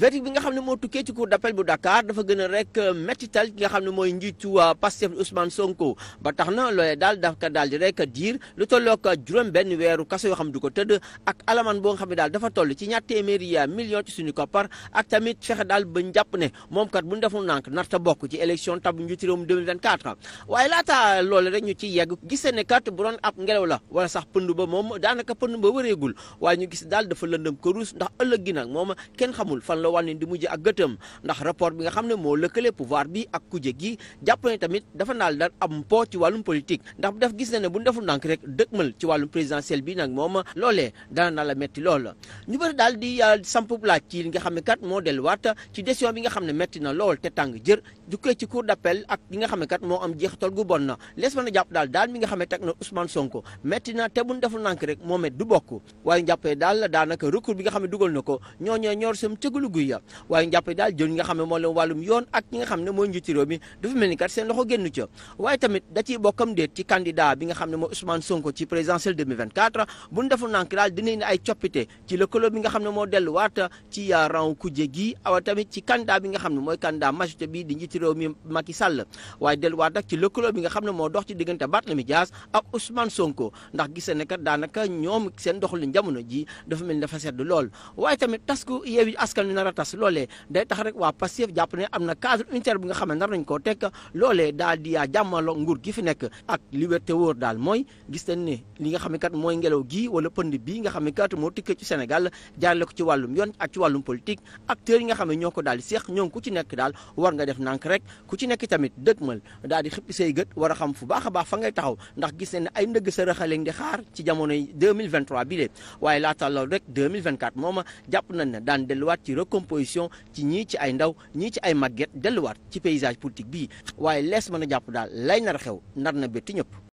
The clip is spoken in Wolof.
verdict bi nga xam ne moo tukkee ci cour d'appel bu Dakar dafa gën a rek euh, méttital ki nga xam ne mooy njiitu euh, Pastef Ousmane Sonko ba tax na loolee daal dafa daal di rek diir lu tollook juróom benn weeru kaso yoo xam ne du ko tëdd ak alamaan boo xam ne daal dafa toll ci ñaar téeméeri euh, million ci suñu koppar ak tamit fexe daal ba njàpp ne moom kat bu ñu defoon nànk narta bokk ci élection tabu njiitu réewum 2024 waaye laata loolu rek ñu ci yegg gisee ne kat bu doon ab ngelaw la wala sax pënd ba moom daanaka pënd ba wëreegul waaye ñu gis daal dafa lëndëm këruus ndax ëllëg gi nag moom kenn xamul fan la Walfadjri di mujj ak gëtëm ndax rapport bi nga xam ne moo lëkkale pouvoir bi ak kuje gi jàpp ne tamit dafa naal daal am po ci wàllum politique ndax daf gis na ne bu ñu deful ndànk rek dëkkmal ci wàllum présidentiel bi nag moom loolee na lool ñu bëri daal di euh, samp laaj xam ne kat moo delluwaat ci décision bi nga xam ne metti a jàpp mi nga xam ne teg na Ousmane Sonko metti na te bu ñu deful ndànk rek moo met du bokk waaye jàppee daal daanaka recours bi nga xam ne dugal na ko ñooñoo ñor sam cëgalugu guy ya waaye njàppe daal jël ñi nga xam ne moo leen yoon ak ñi nga xam ne mooy njiitu réew mi dafa mel ni kat seen loxo génn ca waaye tamit da ciy bokkam déet bi nga xam ne mooy Ousmane Sonko ci présidentielle 2024 ci lëkkaloo nga xam ne moo delluwaat ci rang kujje gi awa tamit ci candidat bi nga xam ne mi Macky ak ci lëkkaloo dox ci diggante Sonko ndax gisee ne kat daanaka ñoom seen doxalin jamono ji dafa mel ni dafa sedd lool waaye tamit tasku yeewi askan wi a tas loolee day tax rek waa Pastef jàpp ne am na cadre unitaire bi nga xam ne nar nañ koo teg loolee daal di yaa li wér te wóor daal mooy gis nañ ne ngelaw gi wala pënd bii nga xam ne kat moo tikkee ci Sénégal jaarale ko ci wàllum yoon ak ci wàllum politique acteurs nga xam ne ñoo ko daal di seex ñoom ku ci nekk daal war nga def nànk rek ku ci nekk tamit dëgmal daal di xippi say gët war a xam fu baax a baax fa ngay taxaw ndax gis nañ ne ay ndëgg sa rëxaleñ xaar ci jamonoy 2023 bi de waaye laata loolu rek recomposition ci ñii ci ay ndaw ñii ci ay màgget delluwaat ci paysage politique bii waaye lees mën a jàpp daal lay nar a xew nar na bétti ñëpp